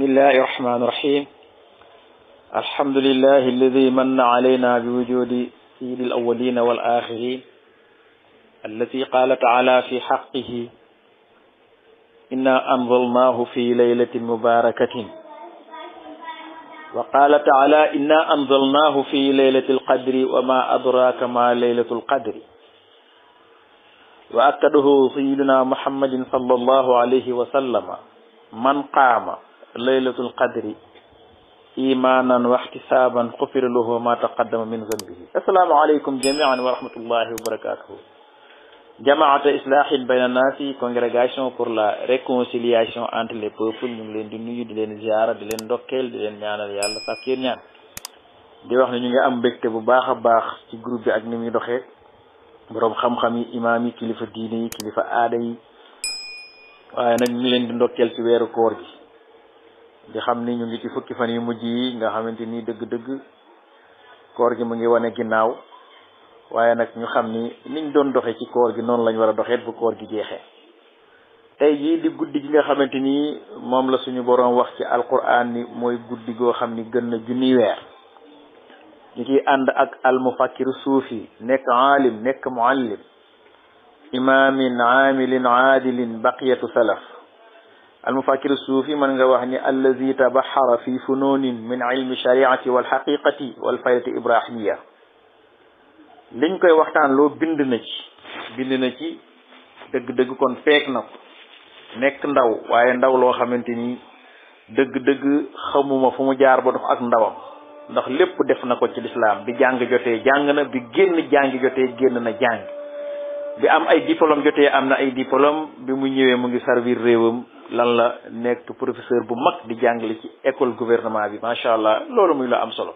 بسم الله الرحمن الرحيم الحمد لله الذي من علينا بوجود سيد الأولين والآخرين التي قال تعالى في حقه إنا أنظلناه في ليلة مباركة وقال تعالى إنا أنظلناه في ليلة القدر وما أدراك ما ليلة القدر وأكده سيدنا محمد صلى الله عليه وسلم من قام ليلة القدر إيمانا واحتسابا قفر له ما تقدم من ذنبه السلام عليكم جميعا ورحمة الله وبركاته جماعة إصلاح بين الناس Congregation pour la réconciliation entre les peuples ñu ngi leen di nuyu di leen ziara di leen ndokkeel di leen ñaanal yàlla sax keen ñaan di wax ni ñu ngi am bekte bu baaxa baax ci groupe bi ak ni muy doxé borom xam-xam yi imam yi kilifa diine yi kilifa aada yi waaye nag ñu leen di ndokkeel ci weeru koor gi di xam ni ñu ngi ci fukki fan yu mujj yi nga xamante nii dëgg-dëgg koor gi mu ngi wane ginnaaw waaye nag ñu xam ni niñ doon doxe ci koor gi noonu lañ war a doxeet bu koor gi jeexee tey jii di guddi gi nga xamante ni moom la suñu boroom wax ci alquran ni mooy guddi goo xam ni gën na junni ñu ciy ànd ak almufakkiru suufi nekk aalim nekk muallim imaamin aamilin aadilin baqiyatu salaf المفكر الصوفي mën nga wax ni allazi tabaxara fi fununin min ilmi shariati walxaqiqati walfaydati ibrahimiya liñ koy waxtaan loo bind na ci bind na ci dëgg-dëgg kon feek na ko nekk ndaw waaye ndaw loo xamante ni dëgg-dëgg xamuma fu mu jaar ba dox ak ndawam ndax lépp def na ko ci lislaam bi jàng jotee jàng na bi génn jàng jotee génn na jàng bi am ay diplôme jotee am na ay diplôme bi mu ñëwee mu ngi servir réewam lan la nekk professeur bu mag di jàngale ci école gouvernement bi macha allah loolu muy la am solo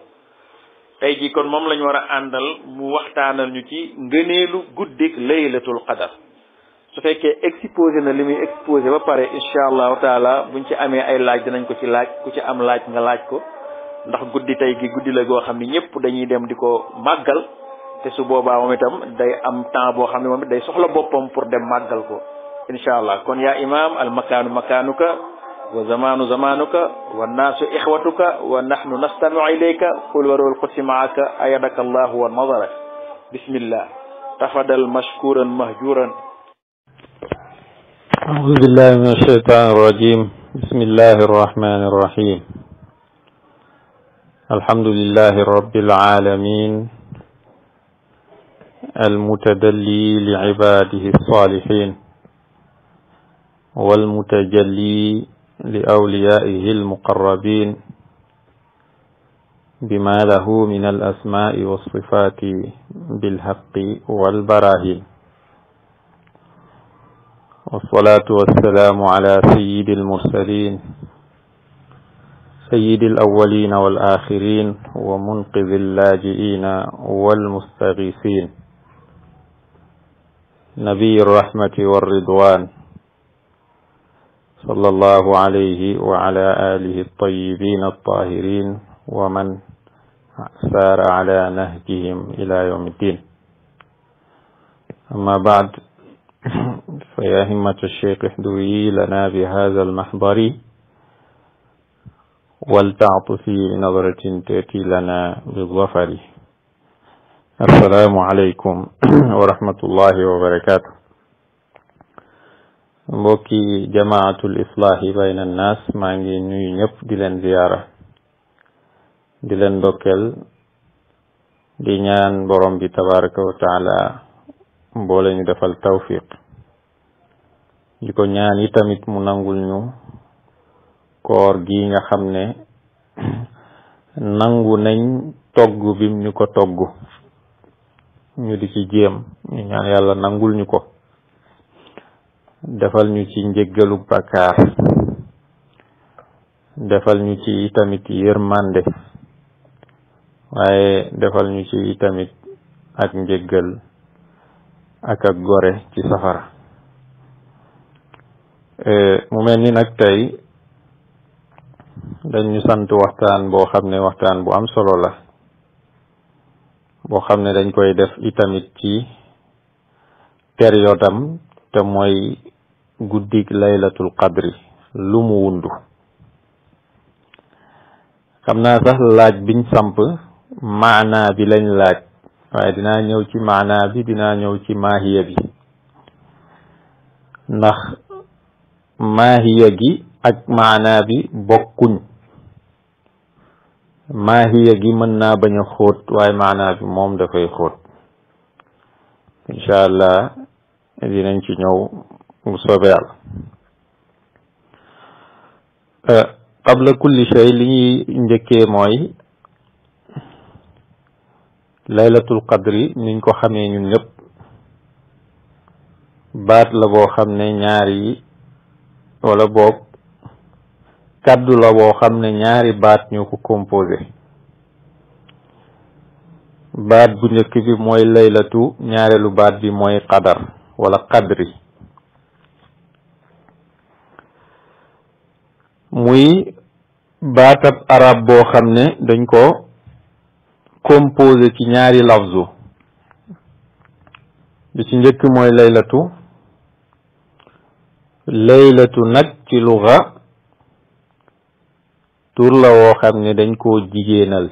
tey jii kon moom la ñu war a àndal mu waxtaanal ñu ci ngëneelu guddik laylatul qadar su fekkee exposé na li muy exposé ba pare incha allahu taala buñ ci amee ay laaj dinañ ko ci laaj ku ci am laaj nga laaj ko ndax guddi tey gi guddi la goo xam ne ñëpp dañuy dem di ko màggal te su boba moom itam day am temps bo xamni ne day soxla bopam pour dem magal ko inshallah kon ya imam al makan makanuka wa zamaanu zamanuka wa naasu ikhwatuka wa nahnu nastami ilayka qul wa rul qudsi maaka ayadaka allah wa nazarak bismillah tafadal mashkuran mahjuran أعوذ بالله من الشيطان الرجيم بسم الله الرحمن الرحيم الحمد لله رب العالمين المتدلي لعباده الصالحين والمتجلي لأوليائه المقربين بما له من الأسماء والصفات بالحق والبراهين والصلاة والسلام على سيد المرسلين سيد الأولين والآخرين ومنقذ اللاجئين والمستغيثين نبي الرحمة والرضوان صلى الله عليه وعلى آله الطيبين الطاهرين ومن سار على نهجهم إلى يوم الدين أما بعد فيا همة الشيخ احدوي لنا بهذا المحضر ولتعطفي نظرة تأتي لنا بالظفر assalaamu aleykum wa rahmatullahi wa barakaatu mbokki jamaatul islaahi bayna annaas maa ngi nuyu ñëpp di leen ziyaara di leen ndokkeel di ñaan borom bi tabaraka wa taala mboole ñu defal tawfiq di ko ñaan yi tamit mu nangul ñu koor gi nga xam ne nangu nañ togg bim ñu ko togg ñu di ci jéem ñu ñaan yàlla nangul ñu ko defal ñu ci njéggalu bakkaar defal ñu ci tamit yërmande waaye defal ñu ci tamit ak njéggal ak ak gore ci safara e, mu mel ni nag tey dañ ñu sant waxtaan boo xam ne waxtaan bu am solo la boo xam ne dañ koy def itamit ci période am te mooy guddig laylatul qadri lu mu wundu xam naa sax laaj biñ samp maanaa bi lañ laaj waaye dinaa ñëw ci maanaa bi dinaa ñëw ci maahiya bi ndax maahiya gi ak maanaa bi bokkuñ maahiya gi mën naa bañ a xóot waaye maanaa bi moom dafay xóot incha allah dinañ ci ñëw bu soobee euh, qabla kulli shay li ñuy njëkkee mooy laylatul qadri niñ ko xamee ñun ñëpp baat la boo xam ne ñaar yi wala boog kàddu la woo xam ne ñaari baat ñoo ko composé baat bu njëkk bi mooy laylatu ñaareelu baat bi mooy qadar wala qadri muy baatab arab boo xam ne dañ ko composé ci ñaari lafzu bi ci njëkk mooy laylatu laylatu nag ci luga tour la wo xamne dañ ko jigéenal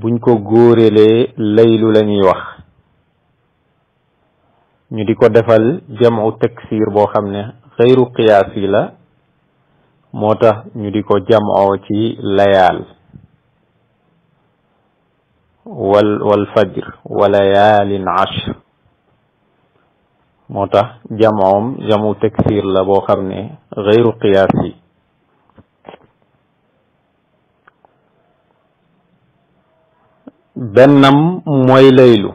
buñ ko gorélé laylu lañuy wax ñu diko defal jamu taksir bo xamne khayru qiyasi la motax ñu diko jam'o ci layal wal wal fajr wa layalin ashr moo tax jamoom jamu taksiir la boo xam ne xeyru qiyaas yi bennam mooy laylu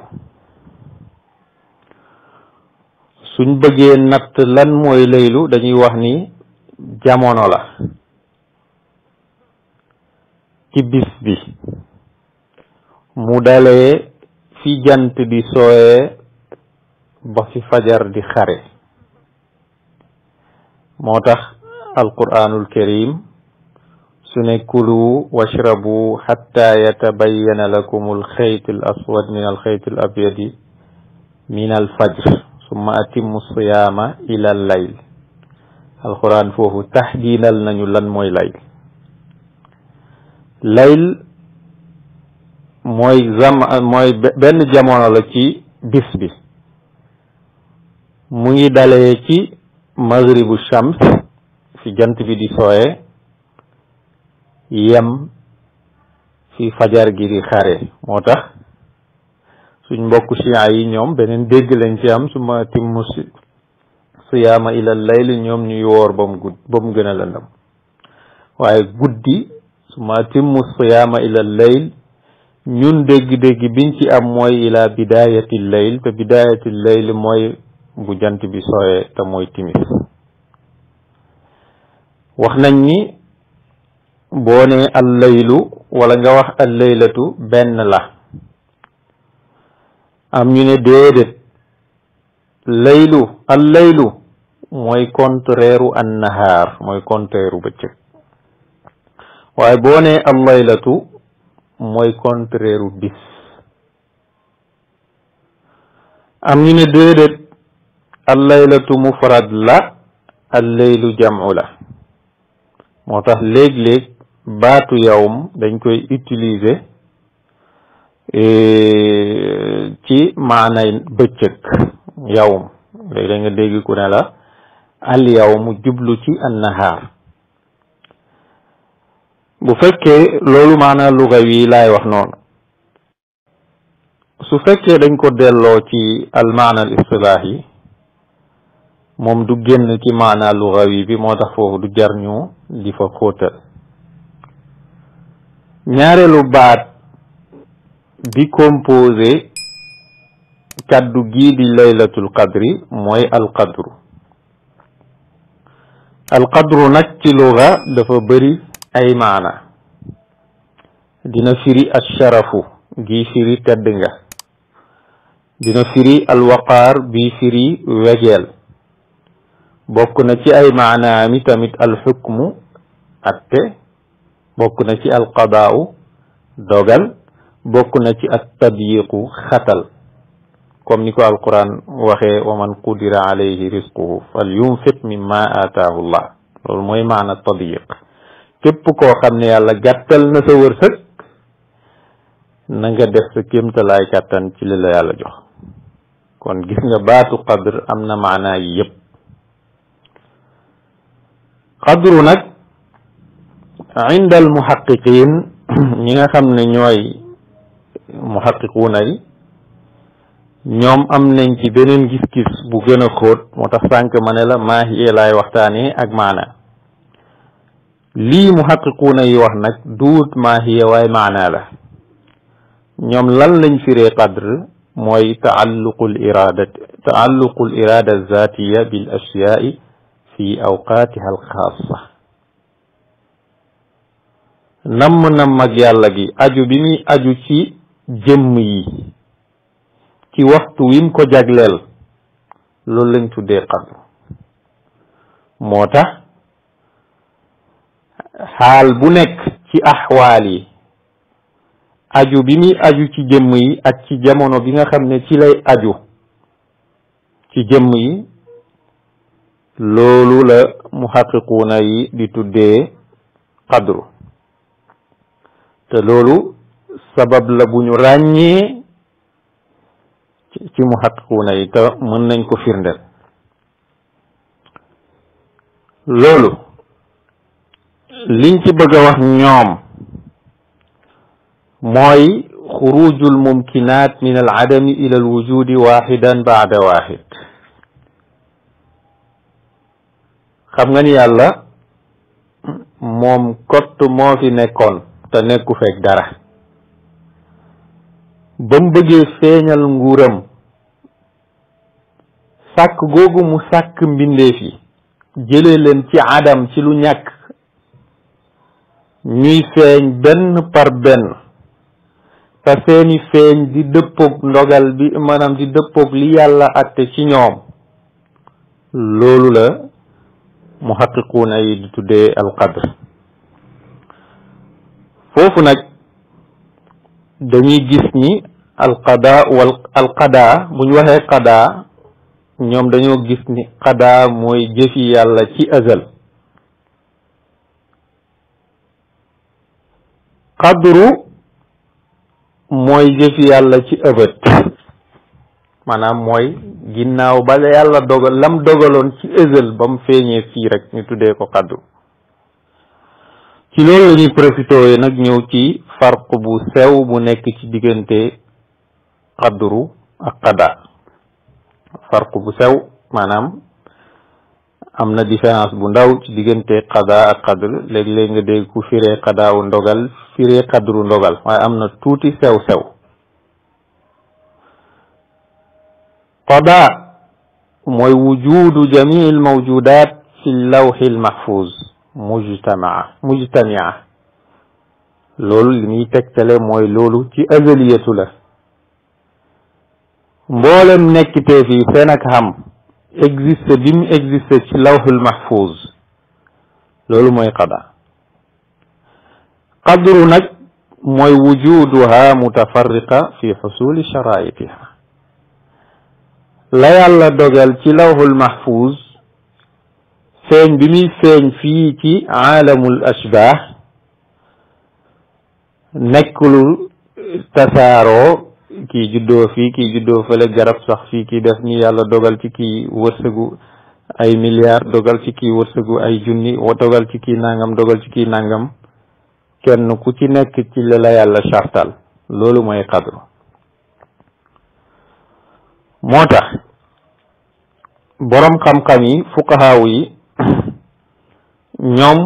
suñ bëggee natt lan mooy laylu dañuy wax ni jamono la ci bis bi mu dalee fi jant bi sooyee بفي فجر دي خاري موتخ القرآن الكريم سنكلوا واشربوا حتى يتبين لكم الخيط الأسود من الخيط الأبيض من الفجر ثم أتم الصيام إلى الليل القرآن فوه تحجينا لن يلن موي ليل ليل موي زم موي بن جمعنا لكي بس بس mu ngi dalee ci maghribu shams fi jant bi di sooye yem fi fajar gi di xare moo tax suñ mbokk chiites yi ñoom beneen dégg lañ ci am su ma timmu siyaama ilal layli ñoom ñuy woor ba mu gudd ba mu gën a lëndam waaye guddi su ma timmu siyaama ilal layl ñun dégg-dégg biñ ci am mooy ila bidayatil layl te bidayatil layl mooy bu jant bi sooyee te mooy timis wax nañ ni boo nee allaylu wala nga wax allaylatu benn la am ñu ne déedéet laylu allaylu mooy contraire u annahaar mooy contraire bëccëg waaye boo nee allaylatu mooy contraire bis am ñu ne déedéet allaylatu mufrad la allaylu jam'u la moo tax léeg-léeg baatu yowm dañ koy utiliser e, ci maana bëccëg yowm léegi da nga dégg ku ne la al yawm jublu ci annahaar bu fekkee loolu maana lugawi laay wax noonu su fekkee dañ ko delloo ci al maana al istilaahi moom du génn ci maanaa luxawi bi moo tax foofu du jar ñu di fa xóotal ñaareelu baat bi composé kàddu gii di laylatul qadri mooy alqadru alqadru nag ci luga dafa bari ay maana dina firi asharafu gi firi tedd nga dina firi alwaqaar bi firi wegeel bokk na ci ay maanaami tamit alxukmu atte bokk na ci alqadaau dogal bokk na ci at tabyiqu xatal comme ni ko alquran waxee wa man qudira alayhi risquhu fal yunfiq mimma aataahu llah loolu mooy maana tadyiq képp koo xam ne yàlla gàttal na sa wërsëg na nga def sa kéemtalaay kàttan ci li la yàlla jox kon gis nga baatu qadr am na maanaa yi yëpp قدر نك عند المحققين نيغا خامني نوي محققون اي نيوم ام نين بنين غيس غيس بو غنا خوت موتا سانك مانيلا ما هي لاي وقتاني اك معنا لي محققون اي واخ نك دوت ما هي واي معنا لا نيوم لان لنج فيري قدر موي تعلق الاراده تعلق الاراده الذاتيه بالاشياء fi awqaatiha alxaasa namm namm ak yàlla gi aju bi muy aju ci jëmm yi ci waxtu wim ko jagleel loolu lañ tuddee xadru moo tax xaal bu nekk ci axwaal yi aju bi muy aju ci jëmm yi ak ci jamono bi nga xam ne ci lay aju ci jëmm yi loolu la muxaqiquuna yi di tuddee qadru te loolu sabab la bu ñu ràññee ci muxaqiquuna yi te mën nañ ko firndeel loolu liñ ci bëgg a wax ñoom mooy xurujul mumkinaat min al adami ila al wujudi waxidan baada waxid xam nga ni yàlla moom kott moo fi nekkoon te nekku feeg dara ba mu bëggee feeñal nguuram sàkk mu sàkk fi jëlee leen ci adam ci lu ñàkk ñuy feeñ benn par benn te seeni feeñ di dëppoog ndogal bi maanaam di dëppoog li yàlla atte ci ñoom loolu la muhaqiquuna yi di tuddee alqadr foofu nag dañuy gis ni alqada wal alqada bu ñu waxee qada ñoom dañoo gis ni qada mooy jëfi yàlla ci azal qadru mooy jëfi yàlla ci ëbët maanaam mooy ginnaaw ba yàlla dogal lam dogaloon ci ëzël ba mu feeñee fii rek ñu tuddee ko kaddu ci loolu la nag ñëw ci farq bu sew bu nekk ci diggante xadduru ak xada farq bu sew maanaam am na différence bu ndaw ci diggante xada ak xadr léeg-léeg nga dégg ku firee xadaawu ndogal firee xadru ndogal waaye am na tuuti sew-sew قضاء موي جميع الموجودات في اللوح المحفوظ مجتمعة مجتمعة لولو لمي تكتلي موي لولو تي أزلية لا مولم نكتي في فنك هم اكزيست بيم اكزيست في اللوح المحفوظ لولو موي قضاء قدر نك موي وجودها متفرقة في حصول شرائطها la yàlla dogal ci lawhul mahfuz feeñ bi muy feeñ fii ci aalamul ashbah nekk lu tasaaroo kii juddoo fii kii juddoo fële garab sax fii kii def ni yàlla dogal ci kii wërsëgu ay milliards dogal ci kii wërsëgu ay junni dogal ci kii nangam dogal ci kii nangam kenn ku ci nekk ci la yàlla chartal loolu mooy xadru moo tax boroom xam-xam yi fuqahaawu yi ñoom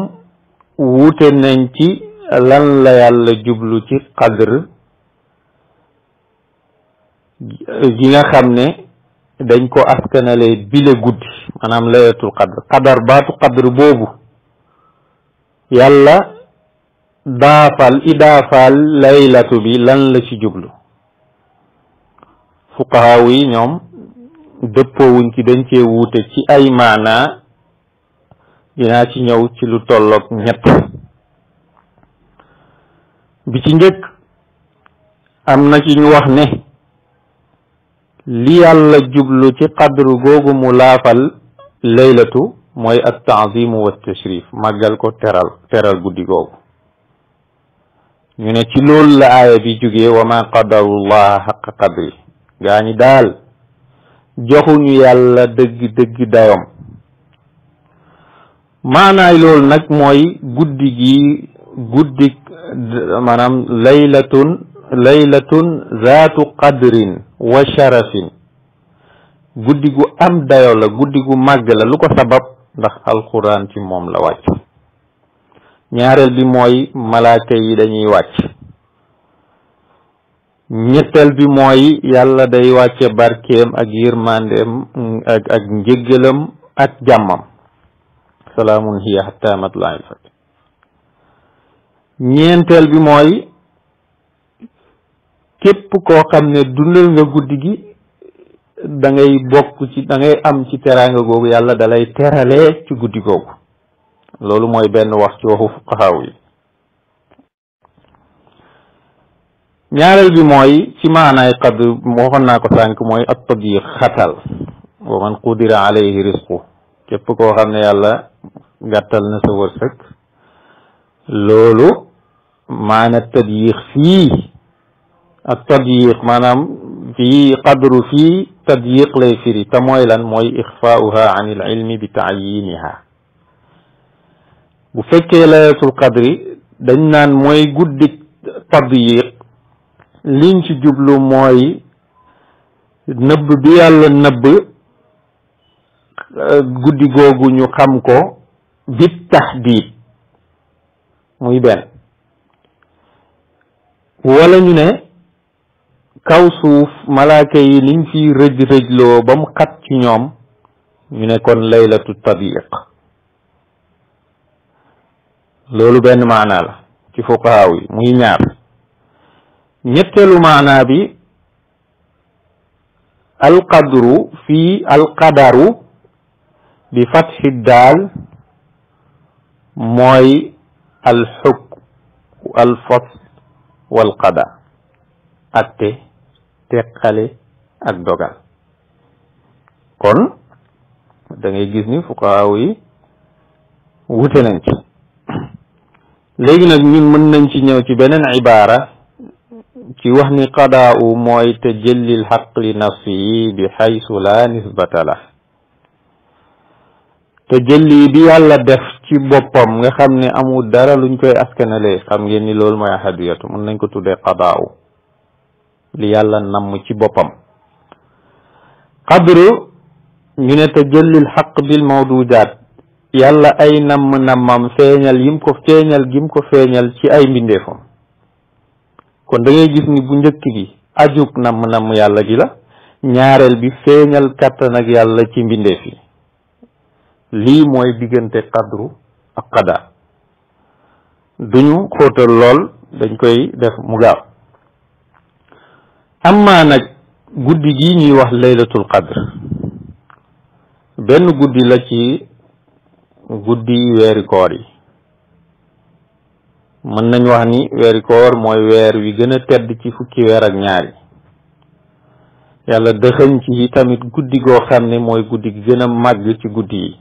wuute nañ ci lan la yàlla jublu ci qadr gi nga xam ne dañ ko askanale bile guddi maanaam layatul qadr qadar baatu qadr boobu yàlla daafal idaafaal laylatu bi lan la ci jublu fuqahaaw yi ñoom dëppoowuñ ci dañ cee wuute ci ay maanaa dinaa ci ñëw ci lu tolloog ñett bi ci njëkk am na ci ñu wax ne li yàlla jublu ci qadru googu mu laafal laylatu mooy at-ta'zimu wa tashrif màggal ko teral teral guddi googu ñu ne ci loolu la aaya bi jógee wa ma qadarullaha xaqa qadri gaa ñi daal joxuñu yàlla dëgg dëgg dayom maanaay loolu nag mooy guddi gi guddi maanaam laylatun laylatun zaatu qadrin wa sharafin guddi gu am dayo la guddi gu màgg la lu ko sabab ndax alquran ci moom la wàcc ñaareel bi mooy malaaka yi dañuy wàcc ñetteel bi mooy yàlla day wàcce barkeem ak yërmandeem ak ak njëggalam ak jàmmam salaamun hiya hatta matlail fajr ñeenteel bi mooy képp koo xam ne dundal nga guddi gi dangay ngay bokk ci da am ci teraanga googu yàlla dalay terale ci guddi googu loolu mooy benn wax ci waxu fuqahaaw yi ñaareel bi moy ci maanaay qad waxoon naa ko sànq mooy at tadyiq xatal wa man qudira alayhi rizqu kep ko xamne yàlla gàttal na sa wursak lolu maana tadyiq fi ak tadyiq maanaam fii qadru fii tadyiq lay firi te mooy lan mooy ixfaauha an il ilmi bi taayiniha bu fekkee layatul qadri dañ naan mooy guddik tadyiq liñ ci jublu mooy nëbb bi yàlla nëbb euh, guddi googu ñu xam ko bi taxdiid muy benn wala ñu ne kaw suuf malaaka yi liñ fi rëj rëjloo ba mu xat ci ñoom ñu ne kon laylatu tadiq loolu benn maanaa la ci fuqaaw yi muy ñaar ñetteelu maanaa bi alqadru fii alqadaru bi fatxi daal mooy alxukm alfasl ak atte teqale ak dogal kon dangay ngay gis ni fuqaaw yi wute nañ ci léegi nag ñun mën nañ ci ñëw ci beneen ibaara ci wax ni qadaawu mooy te jëllil xaq li nafsi bi xaysu la nisbata la te bi yàlla def ci boppam nga xam ne amul dara luñ koy askanalee xam ngeen ni loolu mooy ahadiyatu mën nañ ko tuddee qadaawu li yàlla namm ci boppam qadru ñu ne te jëllil xaq bil mawdudaat yàlla ay namm nammam feeñal yim ko feeñal gim ko feeñal ci ay mbindeefam kon da gis ni bu njëkk bi ajug namm-namm yàlla gi la ñaareel bi feeñal kàttan ak yàlla ci mbindeef yi lii mooy diggante qadru ak qada duñu xóotal lool dañ koy def mu gaaw amma nag guddi gi ñuy wax laylatul qadr benn guddi la ci guddi weeri koor yi mën nañ wax ni weeri koor mooy weer wi gën a tedd ci fukki weer ak ñaari yàlla dëxëñ ci tamit guddi goo xam ne mooy guddi gi gën a màgg ci guddi yi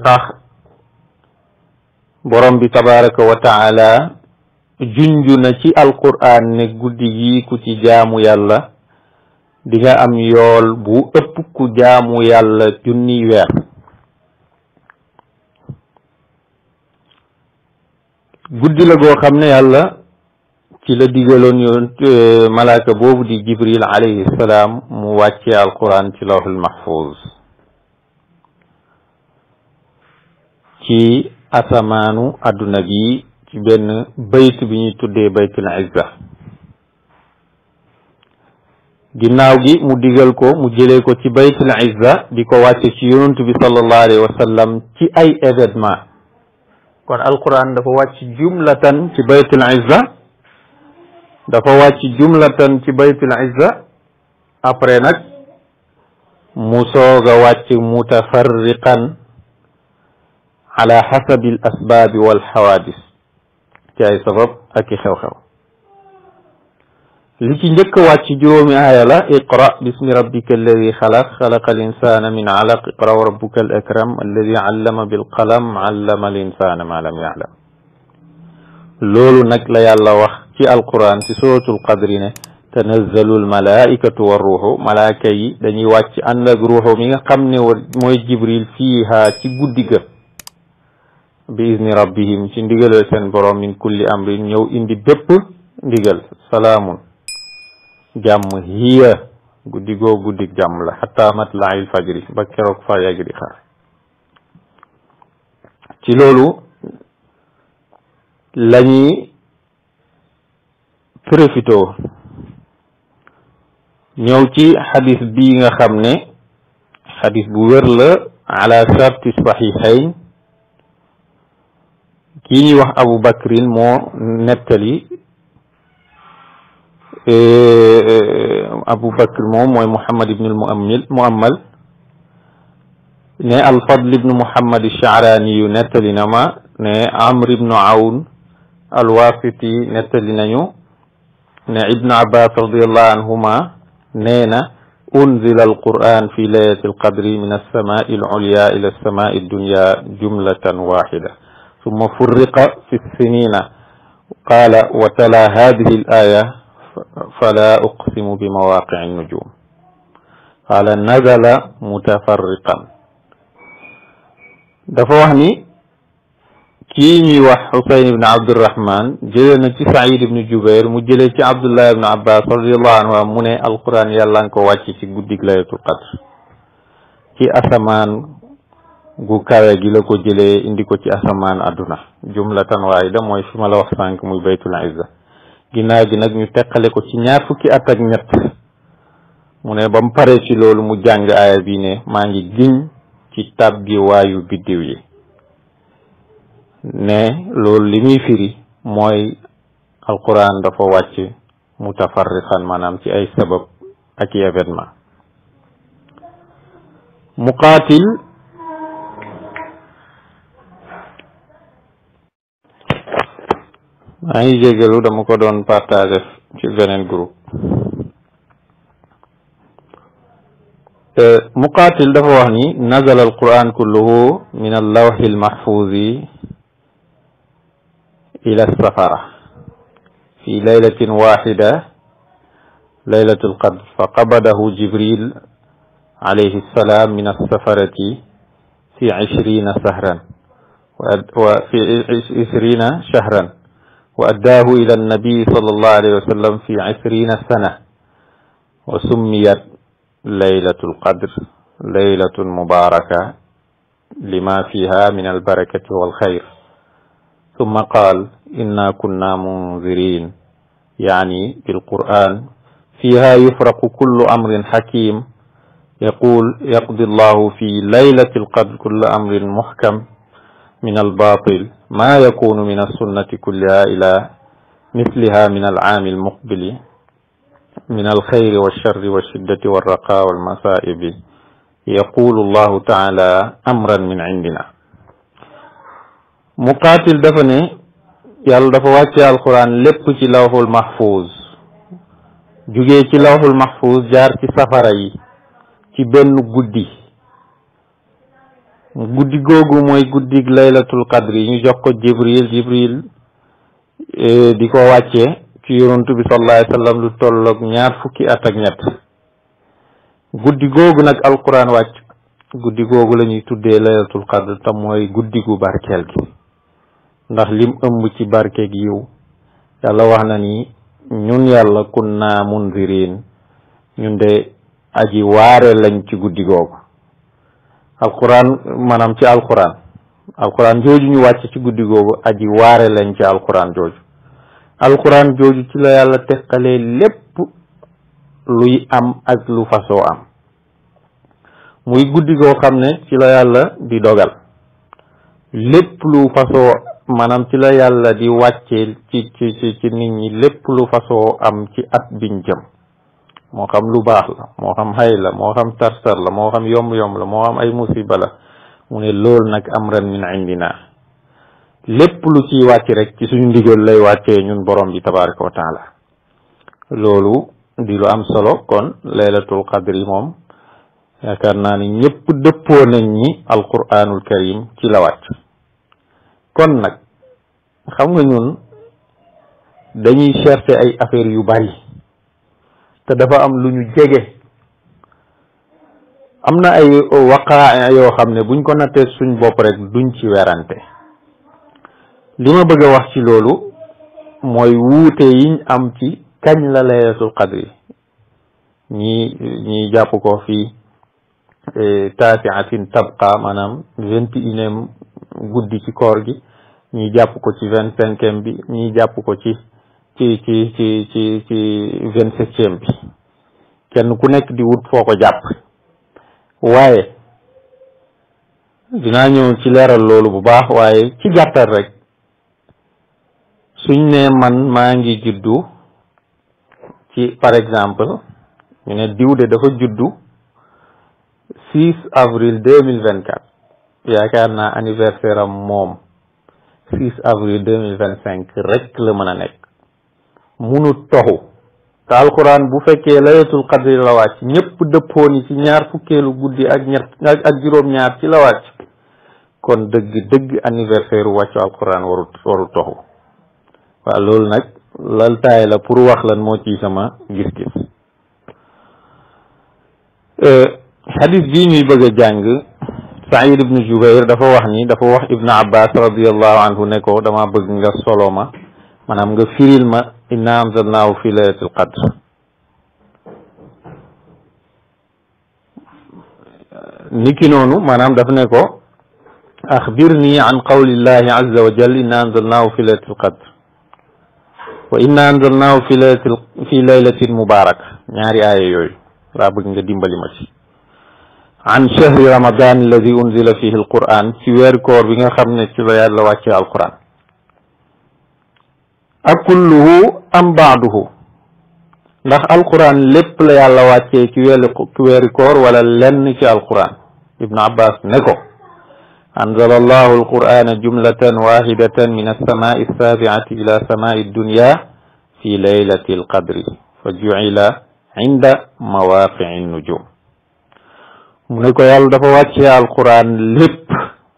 ndax borom bi tabaraka wa taala junju na ci alquran ne guddi gi ku ci jaamu yàlla di nga am yool bu ëpp ku jaamu yàlla junniy weer guddi la goo xam ne yàlla ci la digaloon yoon euh, malaaka boobu di jibril alayhi salaam mu wàccee alquran ci lawxul mahfuz ci asamaanu àdduna bi ci benn bayt bi ñuy tuddee baytul izza ginnaaw gi mu digal ko mu jëlee ko ci baytul izza di ko wàcce ci yonent bi sallallahu alayhi wa ci ay événement kon alquran dafa wàcc jumlatan ci baytul izza dafa wàcc jumlatan ci baytul izza après nak muso ga wàcc mutafarriqan ala xasabi al asbaabi wal xawaadis ci ay sabab ak xew-xew لكن جك واتش جومي آية لا اقرأ باسم ربك الذي خلق خلق الإنسان من علق اقرأ وربك الأكرم الذي علم بالقلم علم الإنسان ما لم يعلم لولو نكلا يا الله وخ في القرآن في سورة القدرين تنزل الملائكة والروح ملائكي دني واتش أن روحه من قمن موي جبريل فيها في بودقة بإذن ربهم شندقل سنبرا من كل أمر يو إندي بيبو ديغل سلامون jàmm hiya guddi goo jàmm la xataa matlail fajri ba keroog fajar gi ci loolu lañuy profité ñëw ci xadis bi nga xam ne xadis bu wér la ala sharti saxihayn kii ñuy wax abu bakrin moo nettali آه، أبو بكر موم محمد بن المؤمل مؤمل ني الفضل بن محمد الشعراني نتلنا ما ني عمرو بن عون الوافتي نتلنا يو ني ابن عباس رضي الله عنهما نينا أنزل القرآن في ليلة القدر من السماء العليا إلى السماء الدنيا جملة واحدة ثم فرق في السنين قال وتلا هذه الآية fala uqsimu bi mawaqi'i nujum qala nazala mutafarriqan dafa wax ni kii ñuy wax Xusayn ibn Abdurahman jëlee na ci Saïd ibn mu jëlee ci Abdullah ibn Abbas radiallahu mu ne alquran yàlla nga ko wàcc ci guddig laylatul qadr ci asamaan gu kawe gi la ko jëlee indi ko ci asamaan adduna jumlatan waahida mooy fi la wax sànq mu baytul izza ginnaaw gi nag ñu teqale ko ci ñaar fukki at ak ñett mu ne ba mu paree ci loolu mu jàng aaya bi ne maa ngi giñ ci tàbbi waayu biddiw yi ne loolu li muy firi mooy alquran dafa wàcc mutafarriqan maanaam ci ay sabab ak i événement muqaatil maa ngi jégalu dama ko doon partager ci beneen groupe muqaatil dafa wax ni nazala alquran kulluhu min allawhi almahfuzi ila alsafara fi laylatin waxida laylatu alqadr fa qabadahu jibril عليه السلام من السفرة في عشرين سهرا وفي عشرين شهرا وأداه إلى النبي صلى الله عليه وسلم في عشرين سنة وسميت ليلة القدر ليلة مباركة لما فيها من البركة والخير ثم قال إنا كنا منذرين يعني بالقرآن فيها يفرق كل أمر حكيم يقول يقضي الله في ليلة القدر كل أمر محكم من الباطل ما يكون من السنة كلها إلى مثلها من العام المقبل من الخير والشر والشدة والرقاء والمصائب يقول الله تعالى أمرا من عندنا مقاتل دفني yàlla dafa wàcce alquran lépp ci lawxul mahfuz jugee ci lawxul سفري jaar بن قدي guddi googu mooy guddig laylatul yi ñu jox ko jibril jibril e, di ko wàccee ci yonantu bi sallallahu alayhi wasallam lu tolloog ñaar fukki at ak ñett guddi googu nag alquran wàcc guddi googu lañuy tuddee laylatul qadr te mooy guddi gu barkeel gi ndax lim ëmb ci barkeeg yiw yàlla wax na ni ñun yàlla kunna munzirin ñun de aji waare lañ ci guddi googu alquran maanaam ci alquran alquran jooju ñu wàcc ci guddi googu aji waare lañ ci alquran jooju alquran jooju ci la yàlla teqalee lépp luy am ak lu fasoo am muy guddi goo xam ne ci la yàlla di dogal lépp lu fasoo maanaam ci la yàlla di wàccee ci ci ci ci nit ñi lépp lu fasoo am ci at biñ jëm moo xam lu baax la moo xam xay la moo xam tarsar la moo xam yomb-yomb la moo xam ay musiba la mu ne loolu nag amran min indina lépp lu ciy wàcc rek ci suñu ndigal lay wàccee ñun borom bi tabaraka wa loolu di lu am solo kon laylatul qadri moom yaakaar naa ni ñëpp dëppoo nañ ñi alquranul karim ci la wàcc kon nag xam nga ñun dañuy chercher ay affaires yu bari te dafa am lu ñu jege am na ay waqaa yoo xam ne buñ ko nattee suñ bopp rek duñ ci werante li ma bëgg a wax ci loolu mooy wuute yiñ am ci kañ la laylatul qadri ñi ñi jàpp ko fii e, taasiatin tabqa maanaam vingt et unième guddi ci koor gi ñi jàpp ko ci vingt cinquième bi ñi jàpp ko ci ci ci ci ci ci vingt septième bi kenn ku nekk di wut foo ko jàpp waaye dinaa ñëw ci leeral loolu bu baax waaye ci gàttal rek suñ ne man maa ngi juddu ci par exemple ñu ne diw de dafa juddu six avril deux mille vingt quatre yaakaar naa anniversaire am moom six avril deux mille vingt cinq rek la mën a nekk munut toxu te alquran bu fekkee layatul qadri la wàcc ñëpp dëppoo ni ci ñaar fukkeelu guddi ak ñett ak juróom-ñaar ci la wàcc kon dëgg dëgg anniversaire wàccu alquran warut warut toxu waaw loolu nag lal taay la pour wax lan moo ci sama gis-gis euh, xadis bii ñuy bëgg a jàng Saïd ibnu Jubayr dafa wax ni dafa wax ibnu Abbas radiallahu anhu ne ko dama bëgg nga solo ma maanaam nga firil ma إنا أنزلناه في ليلة القدر نيكي نونو ما نام دفنكو أخبرني عن قول الله عز وجل إنا أنزلناه في ليلة القدر وإنا أنزلناه في ليلة في ليلة مباركة نعري آية يوي رابك نجدين بالمشي عن شهر رمضان الذي أنزل فيه القرآن سوير كور بيغا خمنا سوير لواكي القرآن ak kulluhu am baaduhu ndax alquran lépp la yàlla wàccee ci weeri ci weeri koor wala lenn ci alquran ibnu abbas ne ko anzala allahu alqur'ana jumlatan wahidatan min alsamai alsabiati ila samai dunya fi leylati alqadri fa jucila inda mawaqici nujum mu ne ko yàlla dafa wàccee alquran lépp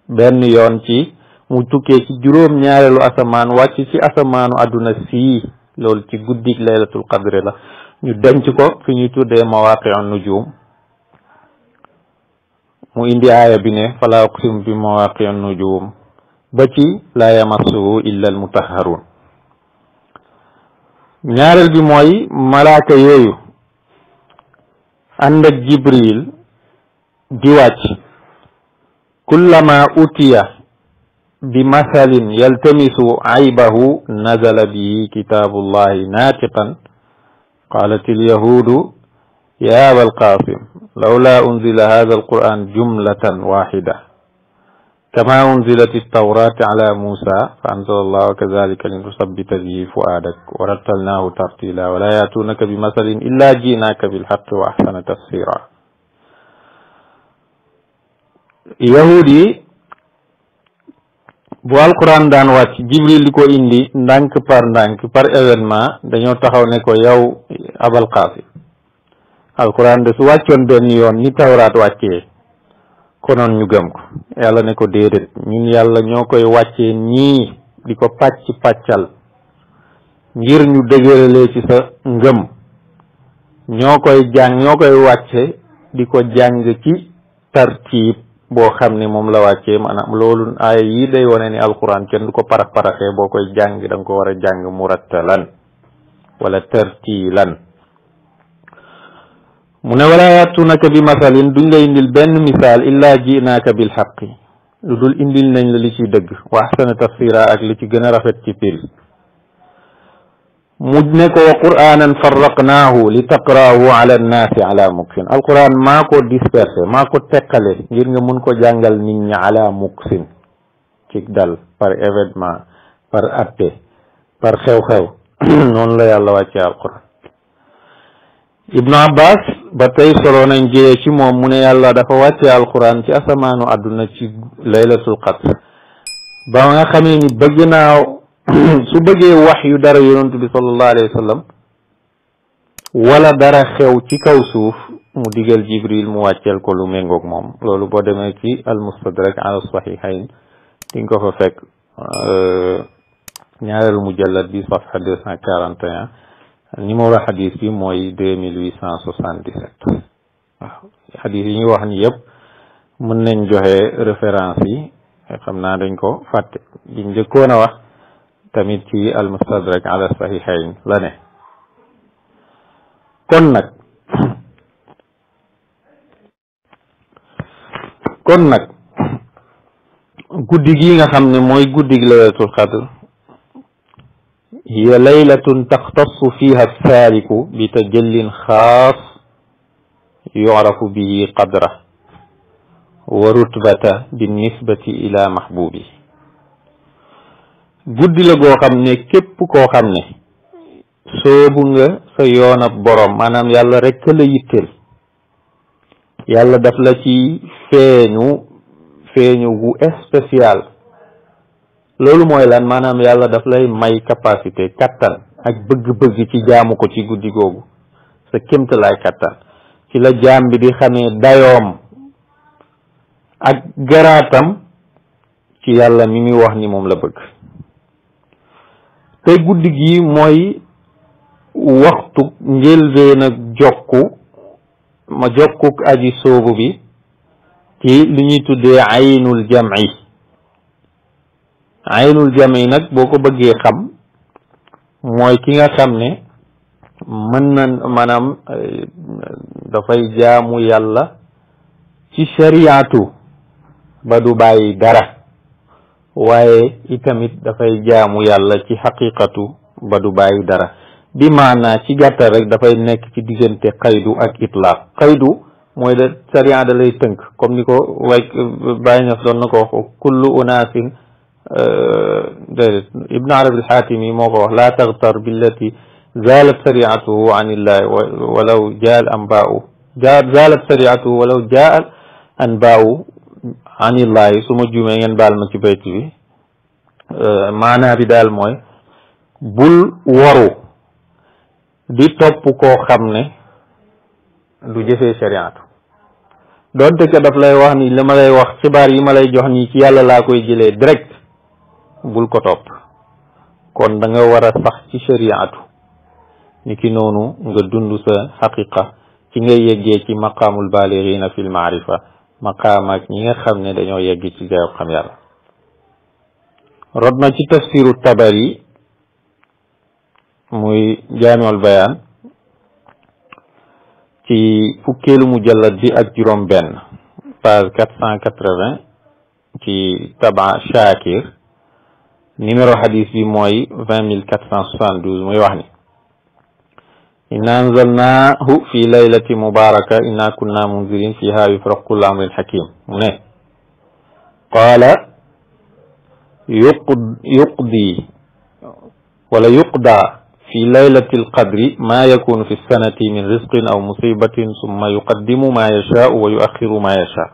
benn yoon ci mu tukkee ci juróom ñaareelu asamaan wàcc ci asamaanu àdduna sii loolu ci guddik laylatul qadri la ñu denc ko fi ñuy tuddee mawaqi'u nujum mu indi aaya bi ne fala uqsimu bi mawaqi'u nujum ba ci la yamassuhu illa almutahharun ñaareel bi mooy malaaka yooyu ànd ak jibril di wàcc kullama utiya بمثل يلتمس عيبه نزل به كتاب الله ناطقا قالت اليهود يا أبا القاسم لولا أنزل هذا القرآن جملة واحدة كما أنزلت التوراة على موسى فأنزل الله كذلك لنثبت به فؤادك ورتلناه ترتيلا ولا يأتونك بمثل إلا جيناك بالحق وأحسن تفسيرا يهودي bu alquran daan wàcc jibril di ko indi ndànk par ndànk par événement dañoo taxaw ne ko yow abal xaasim alquran de su wàccoon benn yoon ni tawraat wàccee konoon ñu gëm ko yàlla ne ko déedéet ñun yàlla ñoo koy wàcce nii di ko pàcc pàccal ngir ñu dëgëralee ci sa ngëm ñoo koy jàng ñoo koy wàcce di ko jàng ci tartiib boo xam ni moom la wàccee maanaam loolu aaya yi day wane ni alquran kenn ko parax paraxee boo koy jàng da ko war a jàng murattalan wala tartiilan mu ne wala yattuunaka bi masalin duñ la indil benn misaal illaa jiinaaka bil xaqi lu dul indil nañ la li ciy dëgg wa axsana tafsira ak li ci gën a rafet ci firi mu ne ko wa qur'anan farraqnaahu li taqraahu ala annaasi ala muksin alquran maa ko dispersé maa ko tekkale ngir nga mun ko jàngal nit ñi ala muksin ci dal par événement par atte par xew-xew noonu la yàlla wàccee alquran ibnu abbas ba tey solo nañ jëlee ci moom mu ne yàlla dafa wàccee alquran ci asamaanu àdduna ci laylatul qadr ba nga xamee ni su bëggee wax yu dara yonent bi sallallahu alayhi wa sallam wala dara xew ci kaw suuf mu digal jibril mu wàcceel ko lu méngoog moom loolu boo demee ci al mustadrak ala sahihayn di nga ko fa fekk ñaareelu mu jëllat bi safha deux cent quarante un numéro xadis bi mooy deux mille huit cent soixante dix sept waaw xadis yi ñu wax ni yëpp mën nañ joxe référence yi xam naa dañ ko fàtte bi njëkkoon a wax تميتي المستدرك على الصحيحين لنا كنك كنك قدقي نخمن موي قدق ليلة القدر هي ليلة تختص فيها السارق بتجل خاص يعرف به قدره ورتبة بالنسبة إلى محبوبه guddi la goo xam ne képp koo xam ne soobu nga sa ab boroom maanaam yàlla rekk la yitteel yàlla daf la ci feeñu feeñu gu spécial loolu mooy lan maanaam yàlla daf lay may capacité kattan ak bëgg-bëgg ci jaamu ko ci guddi googu sa kémtalaay kattan ci la jaam bi di xamee dayoom ak garaatam ci yàlla mi muy wax ni moom la bëgg te guddi gi mooy waxtu njëlbeen ak jokku ma jokkuk aji soobu bi ci lu ñuy tuddee aynul jam'i aynul jam'i nag boo ko bëggee xam mooy ki nga xam ne mën na maanaam eh, dafay jaamu yàlla ci shariatu ba du bàyyi dara waye itamit da fay jaamu yàlla ci haqiqatu badu du dara bi maana ci gatta rek da fay nek ci digeunte xaydu ak itlaq xaydu moy da sariya da lay teunk comme niko way Baay Ñas doon na wax kullu unasin déedéet ibnu arabi alxaatimi moo ko wax la taghtar billati zalat sariatuhu an illahi walau jaal anba'u anbaau jaa zaalat sariatuhu walaw jaa al anillaahi su ma jumee ngeen baal ma ci baytu bi euh, maanaa bi daal mooy bul waru di topp koo xam ne du jëfee shariatu doonte que daf lay wax ni li ma lay wax xibaar yi ma lay jox ni ci yàlla laa koy jëlee direct bul ko topp kon danga nga war a sax ci shariatu ni ki noonu nga dund sa xaqiqa ci ngay yeggee ci maqaamul baalighina fil maarifa maqaam ak ñi nga xam ne dañoo yegg ci gaayub xam yàlla rod na ci tafsiru tabari muy jaamiul bayaan ci fukkeelu mujallad bi ak juróom benn page quatre cent quatre-vingt ci taba Shakir numéro hadis bi mooy vingt mille quatre cent soixante-douze muy wax ni إنا أنزلناه في ليلة مباركة إنا كنا منذرين فيها يفرق كل أمر حكيم منه قال يقضي ولا يقضى في ليلة القدر ما يكون في السنة من رزق أو مصيبة ثم يقدم ما يشاء ويؤخر ما يشاء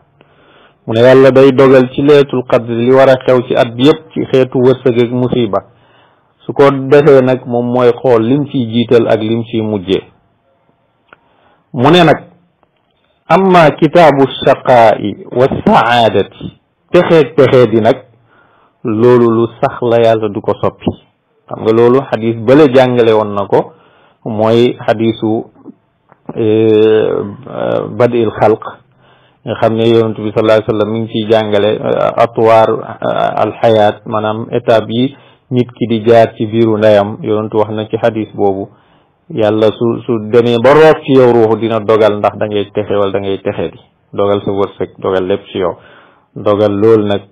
من يلا داي دوغال ci laylatul qadr li wara xew ci at yépp ci xeetu wërsëg ak su ko defee nag moom mooy xool lim ciy jiital ak lim ciy mujje mu ne nag amma kitaabu shaqaa'i wa saadati texeet texeet yi nag loolu lu sax la yàlla du ko soppi xam nga loolu xadis bale jàngale woon na ko mooy xadisu e, badil xalq nga xam ne yonent bi sallallahu alayhi wa sallam mi ngi ciy jàngale atwaar alxayaat maanaam étape yi nit ki di jaar ci biiru ndeyam yonentu wax na ci xadis boobu yàlla su su demee ba roof ci yow ruuxu dina dogal ndax dangay ngay texe wala da texe di dogal sa wërsëg dogal lépp ci yow dogal loolu nag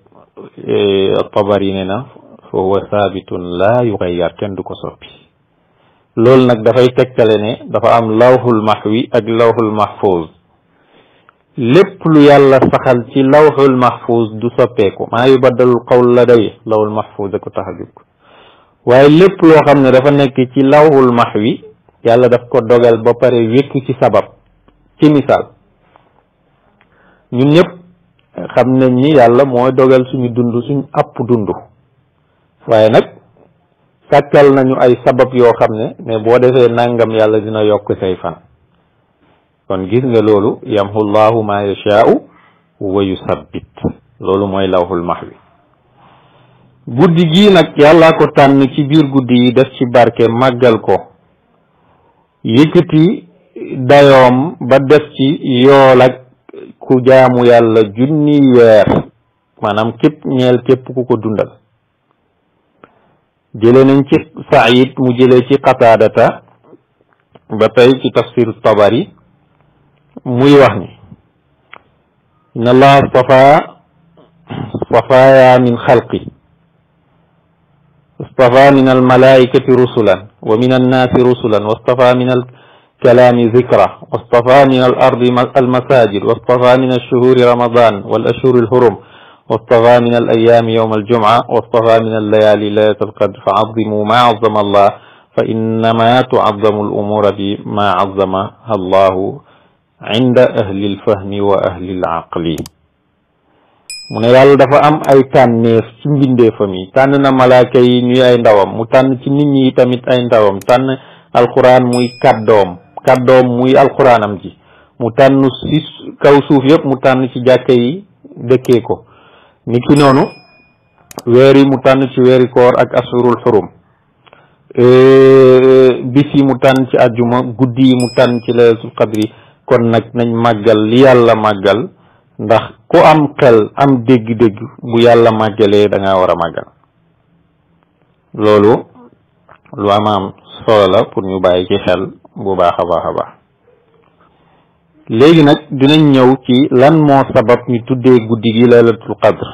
yi e, ne na fa huwa saabitun laa yuxayyar kenn du ko soppi loolu nag dafay tegtale ne dafa am lawxul maxwi ak max maxfuuz lépp lu yàlla saxal ci lawxul mahfuz du soppeeku maa yubaddalul qawl la day lawul mahfuz ko tax a jóg waaye lépp loo xam ne dafa nekk ci lawxul wi yàlla daf ko dogal ba pare wékk ci sabab ci misaal ñun ñëpp xam nañ ni yàlla mooy dogal suñu dund suñ app dund waaye nag sàkkal nañu ay sabab yoo xam ne mais boo defee nangam yàlla dina yokk say fan kon gis nga loolu yamhu llahu ma yashaa'u wa yusabbit loolu mooy lawhul mahwi guddi gii nag yàlla ko tànn ci biir guddi yi def ci barke màggal ko yëkkati dayoom ba def ci yool ku jaamu yàlla junni weer maanaam képp ñeel képp ko dundal jële nañ ci Saïd mu jëlee ci Qataadata ba tey ci tafsiru Tabari muy wax ni inna allah astafa صفايا من خلقه اصطفى من الملائكة رسلا ومن الناس رسلا واصطفى من الكلام ذكرى واصطفى من الأرض المساجد واصطفى من الشهور رمضان والأشهر الحرم واصطفى من الأيام يوم الجمعة واصطفى من الليالي ليلة القدر فعظموا ما عظم الله فإنما تعظم الأمور بما عظمها الله inda ahli lfahmi wa ahli laqli mu ne yàlla dafa am ay tànneef ci mbindeefam yi tànn na malaaka yi ñuy ay ndawam mu tànn ci nit ñi tamit ay ndawam tànn alquran muy kàddoom kàddoom muy alquranam ji mu tànn si kaw suuf yëpp mu tànn ci jàkka yi dëkkee ko ni ki noonu weer yi mu tànn ci weeri koor ak asfurul xurum bis yi mu tànn ci ajjuma guddi yi mu tànn ci laylatul qadri kon nag nañ màggal li yàlla màggal ndax ku am xel am dégg-dégg bu yàlla màggalee da ngaa war a màggal loolu lu amaam solo la pour ñu bàyyi ci xel bu baax a baax a baax léegi nag dinañ ñëw ci lan moo sabab ñu tuddee guddi gi laylatul qadr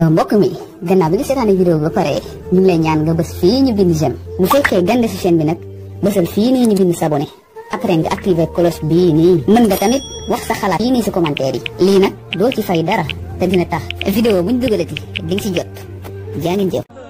euh, mbokk mi gannaaw bi nga seetaane vidéo bi ba pare ñu lay ñaan nga bës fii ñu bind jëm bu fekkee gande si chaîne bi nag bësal fii nii ñu bind s'abonner après nga activer cloche bii nii mën nga tamit wax sa xalaat yii nii si commentaire yi lii nag ci fay dara te dina tax buñ dugalati ding si jot jangin ngeen